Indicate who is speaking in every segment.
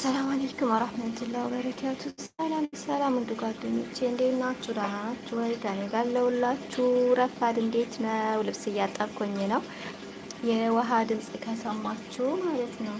Speaker 1: አሰላሙ አለይኩም ወራህመቱላሂ ወበረካቱ። ሰላም ሰላም፣ ውድ ጓደኞቼ እንዴት ናችሁ? ደህና ናችሁ ወይ? ጋር ያለውላችሁ ረፋድ እንዴት ነው? ልብስ እያጠብኩኝ ነው። የውሃ ድምጽ ከሰማችሁ ማለት ነው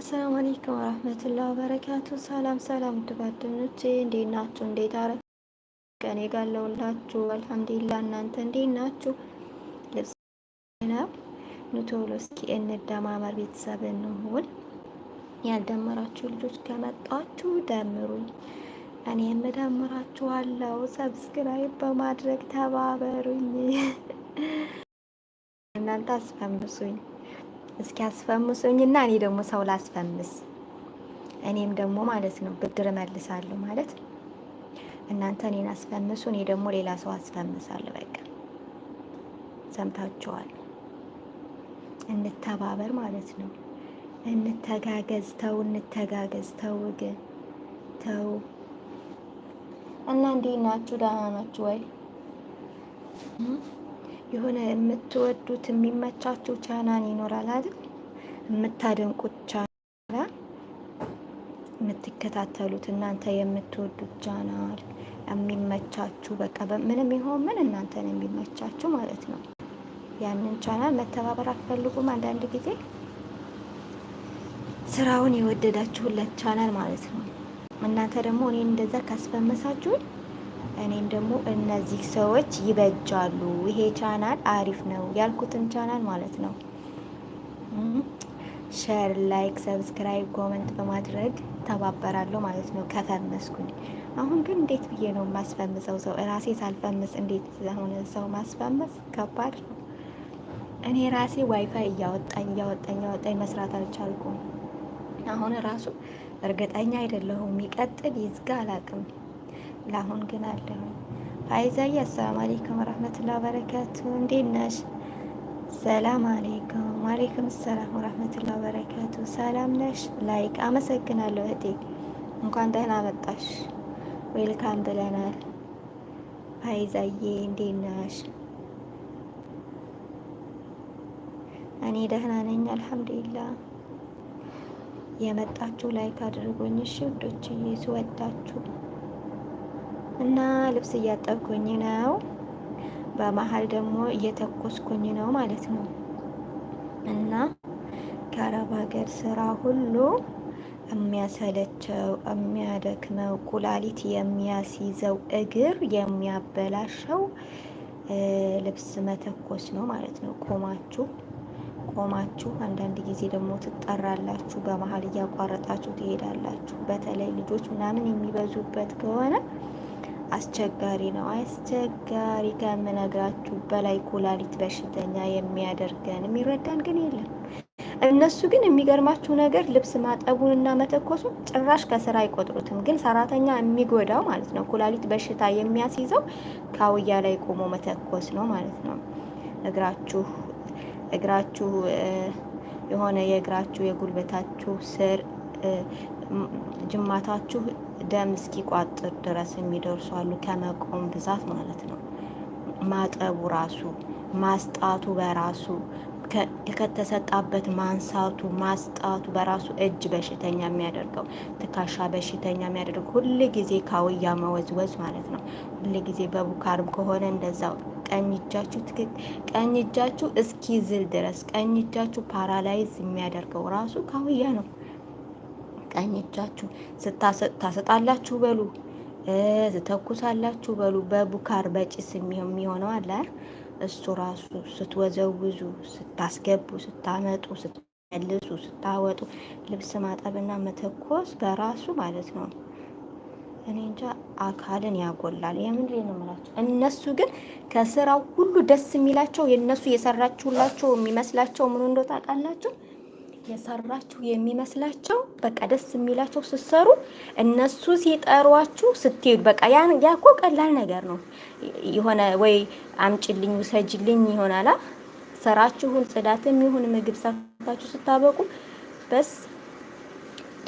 Speaker 1: አሰላሙ አለይኩም ወራህመቱላሂ ወበረካቱ። ሰላም ሰላም፣ ውድ ጓደኞቼ እንዴት ናችሁ? እንዴት አረ ከኔ ጋር ለውላችሁ አልሐምዱሊላህ። እናንተ እንዴት ናችሁ? ልብስ ነው ኑቶሎ እስኪ እንደማመር ቤተሰብ እንሁን። ያልደመራችሁ ልጆች ከመጣችሁ ደምሩኝ፣ እኔ የምደምራችኋለሁ። ሰብስክራይብ በማድረግ ተባበሩኝ፣ እናንተ አስፈምሱኝ። እስኪ አስፈምሱኝና እኔ ደግሞ ሰው ላስፈምስ እኔም ደግሞ ማለት ነው ብድር መልሳለሁ ማለት እናንተ እኔን አስፈምሱ፣ እኔ ደግሞ ሌላ ሰው አስፈምሳለሁ። በቃ ሰምታችኋል። እንተባበር ማለት ነው። እንተጋገዝ። ተው፣ እንተጋገዝ። ተው ግን ተው እና እንዴት ናችሁ? ደህና ናችሁ ወይ? የሆነ የምትወዱት የሚመቻችሁ ቻናል ይኖራል አይደል? የምታደንቁት ቻናል የምትከታተሉት እናንተ የምትወዱት ቻናል የሚመቻችሁ በቃ ምንም ይሆን ምን ነው የሚመቻችሁ ማለት ነው። ያንን ቻናል መተባበር አትፈልጉም። አንዳንድ ጊዜ ስራውን የወደዳችሁለት ቻናል ማለት ነው። እናንተ ደግሞ እኔ እንደዛ ካስፈመሳችሁን እኔም ደግሞ እነዚህ ሰዎች ይበጃሉ፣ ይሄ ቻናል አሪፍ ነው ያልኩትን ቻናል ማለት ነው። ሸር፣ ላይክ፣ ሰብስክራይብ፣ ኮመንት በማድረግ ተባበራለሁ ማለት ነው ከፈመስኩኝ። አሁን ግን እንዴት ብዬ ነው የማስፈምሰው? ሰው ራሴ ሳልፈምስ እንዴት ሆነ ሰው ማስፈምስ? ከባድ ነው። እኔ ራሴ ዋይፋይ እያወጣኝ እያወጣኝ እያወጣኝ መስራት አልቻልኩም። አሁን ራሱ እርግጠኛ አይደለሁም ይቀጥል ይዝጋ አላቅም። ለአሁን ግን አለሁኝ። ሀይዛዬ አሰላም አሌይኩም ወረህመቱላ በረካቱ፣ እንዴት ነሽ? ሰላም አሌይኩም ዋሌይኩም ሰላም ወረህመቱላ በረካቱ። ሰላም ነሽ? ላይክ አመሰግናለሁ እህቴ፣ እንኳን ደህና መጣሽ። ዌልካም ብለናል። ሀይዛዬ እንዴት ነሽ? እኔ ደህና ነኝ አልሐምዱሊላ። የመጣችሁ ላይክ አድርጎኝ እሺ ውዶችዬ ስወዳችሁ እና ልብስ እያጠብኩኝ ነው። በመሀል ደግሞ እየተኮስኩኝ ነው ማለት ነው። እና ከአረብ ሀገር ስራ ሁሉ የሚያሰለቸው የሚያደክመው፣ ኩላሊት የሚያስይዘው፣ እግር የሚያበላሸው ልብስ መተኮስ ነው ማለት ነው። ቆማችሁ ቆማችሁ አንዳንድ ጊዜ ደግሞ ትጠራላችሁ። በመሀል እያቋረጣችሁ ትሄዳላችሁ። በተለይ ልጆች ምናምን የሚበዙበት ከሆነ አስቸጋሪ ነው። አስቸጋሪ ከምነግራችሁ በላይ ኩላሊት በሽተኛ የሚያደርገን የሚረዳን ግን የለም። እነሱ ግን የሚገርማችሁ ነገር ልብስ ማጠቡን እና መተኮሱን ጭራሽ ከስራ አይቆጥሩትም። ግን ሰራተኛ የሚጎዳው ማለት ነው ኩላሊት በሽታ የሚያስይዘው ካውያ ላይ ቆሞ መተኮስ ነው ማለት ነው። እግራችሁ እግራችሁ የሆነ የእግራችሁ የጉልበታችሁ ስር ጅማታችሁ ደም እስኪቋጥር ድረስ የሚደርሱ አሉ። ከመቆም ብዛት ማለት ነው። ማጠቡ ራሱ ማስጣቱ በራሱ ከተሰጣበት ማንሳቱ ማስጣቱ በራሱ እጅ በሽተኛ የሚያደርገው ትካሻ በሽተኛ የሚያደርገው ሁል ጊዜ ካውያ መወዝወዝ ማለት ነው። ሁል ጊዜ በቡካርም ከሆነ እንደዛው ቀኝ እጃችሁ ቀኝ እጃችሁ ድረስ ቀኝ እጃችሁ ፓራላይዝ የሚያደርገው ራሱ ካውያ ነው። ቀኝ ታሰጣላችሁ በሉ፣ ትተኩሳላችሁ በሉ። በቡካር በጭስ የሚሆነው አለ እሱ ራሱ ስትወዘውዙ፣ ስታስገቡ፣ ስታመጡ፣ ስትመልሱ፣ ስታወጡ፣ ልብስ ማጠብና መተኮስ በራሱ ማለት ነው። እኔ እንጃ አካልን ያጎላል። የምን ነው የምላቸው። እነሱ ግን ከስራው ሁሉ ደስ የሚላቸው የእነሱ የሰራችሁላቸው የሚመስላቸው ምኑ እንደው ታውቃላችሁ የሰራችሁ የሚመስላቸው በቃ ደስ የሚላቸው ስትሰሩ እነሱ ሲጠሯችሁ ስትሄዱ በቃ ያን ያኮ ቀላል ነገር ነው። የሆነ ወይ አምጭልኝ ውሰጅልኝ ይሆናላ ሰራችሁን ጽዳትም ይሁን ምግብ ሰርታችሁ ስታበቁ በስ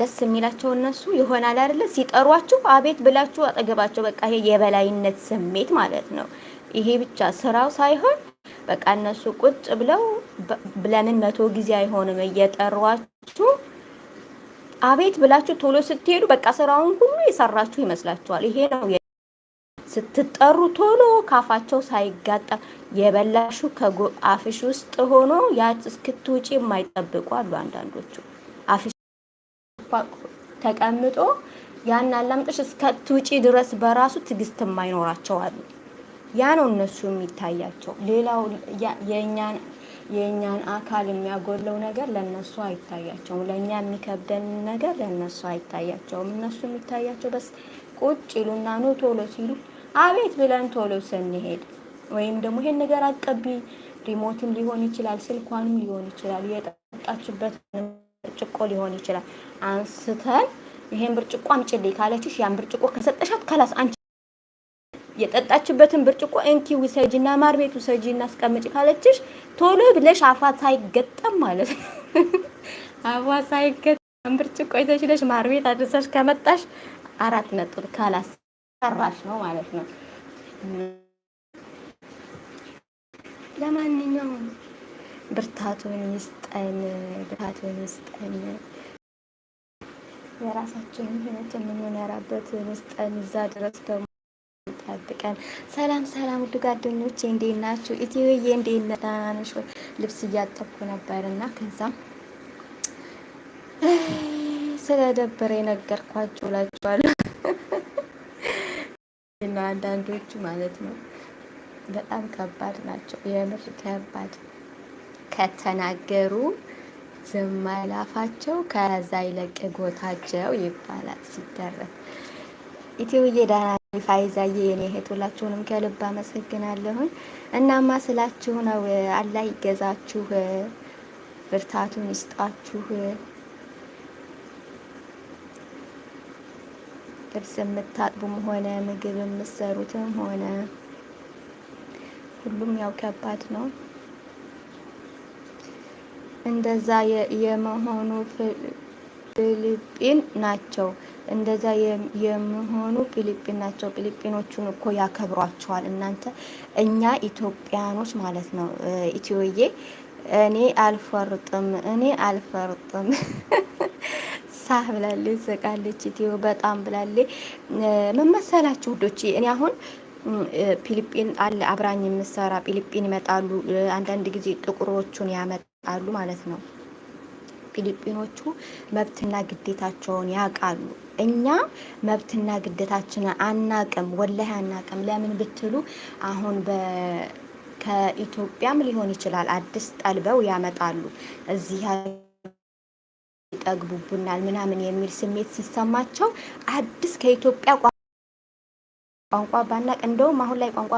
Speaker 1: ደስ የሚላቸው እነሱ ይሆናል አይደለ? ሲጠሯችሁ አቤት ብላችሁ አጠገባቸው በቃ የበላይነት ስሜት ማለት ነው። ይሄ ብቻ ስራው ሳይሆን በቃ እነሱ ቁጭ ብለው ለምን መቶ ጊዜ አይሆንም እየጠሯችሁ አቤት ብላችሁ ቶሎ ስትሄዱ በቃ ስራውን ሁሉ የሰራችሁ ይመስላችኋል። ይሄ ነው ስትጠሩ ቶሎ ካፋቸው ሳይጋጠም የበላሹ አፍሽ ውስጥ ሆኖ ያ እስክትውጪ የማይጠብቁ አሉ። አንዳንዶቹ አፍሽ ተቀምጦ ያን አላምጥሽ እስከትውጪ ድረስ በራሱ ትዕግስት የማይኖራቸው አሉ። ያ ነው እነሱ የሚታያቸው። ሌላው የእኛን የእኛን አካል የሚያጎለው ነገር ለእነሱ አይታያቸውም። ለእኛ የሚከብደን ነገር ለእነሱ አይታያቸውም። እነሱ የሚታያቸው በስ ቁጭ ይሉና ኑ ቶሎ ሲሉ አቤት ብለን ቶሎ ስንሄድ ወይም ደግሞ ይሄን ነገር አቀቢ ሪሞትም ሊሆን ይችላል፣ ስልኳንም ሊሆን ይችላል፣ የጠጣችበት ብርጭቆ ሊሆን ይችላል። አንስተን ይሄን ብርጭቆ አምጪልኝ ካለችሽ ያን ብርጭቆ ከሰጠሻት ከላስ አንቺ የጠጣችበትን ብርጭቆ እንኪ ውሰጂና ማር ቤት ውሰጂ እናስቀምጭ ካለችሽ ቶሎ ብለሽ አፏ ሳይገጠም ማለት ነው። አፏ ሳይገጠም ብርጭቆ ይዘሽለሽ ማር ቤት አድርሰሽ ከመጣሽ አራት ነጥብ ካላሰራሽ ነው ማለት ነው። ለማንኛውም ብርታቱን ይስጠን፣ ብርታቱን ይስጠን። የራሳችን ህይወት የምንኖራበት ይስጠን። እዛ ድረስ ደግሞ ይጠብቀን። ሰላም ሰላም፣ ሁሉ ጓደኞቼ እንዴት ናችሁ? ኢትዮዬ እንዴት ነህ? ደህና ነሽ ወይ? ልብስ እያጠብኩ ነበር እና ከዛ ስለደበረ የነገርኳችሁ እላችኋለሁ አንዳንዶቹ ማለት ነው በጣም ከባድ ናቸው። የምር ከባድ ከተናገሩ ዝም አይላፋቸው ከዛ ይለቅ ጎታቸው ይባላል ሲደረግ ኢትዮዬ ዳና ፋይዛዬ የኔ እህት ሁላችሁንም ከልብ አመሰግናለሁኝ። እናማ ስላችሁ ነው። አላህ ይገዛችሁ፣ ብርታቱን ይስጣችሁ፣ ልብስ የምታጥቡም ሆነ ምግብ የምትሰሩትም ሆነ ሁሉም ያው ከባድ ነው። እንደዛ የመሆኑ ፊሊጲን ናቸው። እንደዛ የሚሆኑ ፊሊጲን ናቸው። ፊሊጲኖቹን እኮ ያከብሯቸዋል። እናንተ እኛ ኢትዮጵያኖች ማለት ነው። ኢትዮዬ እኔ አልፈርጥም፣ እኔ አልፈርጥም ሳህ ብላለች፣ ዘቃለች፣ ኢትዮ በጣም ብላለች። ምን መሰላችሁ ውዶች፣ እኔ አሁን ፊሊጲን አለ አብራኝ የምሰራ ፊሊጲን ይመጣሉ። አንዳንድ ጊዜ ጥቁሮቹን ያመጣሉ ማለት ነው። ፊሊጲኖቹ መብትና ግዴታቸውን ያውቃሉ። እኛ መብትና ግዴታችንን አናቅም፣ ወላሂ አናቅም። ለምን ብትሉ አሁን ከኢትዮጵያም ሊሆን ይችላል አዲስ ጠልበው ያመጣሉ እዚህ ይጠግቡብናል ምናምን የሚል ስሜት ሲሰማቸው አዲስ ከኢትዮጵያ ቋንቋ ባናቅ እንደውም አሁን ላይ ቋንቋ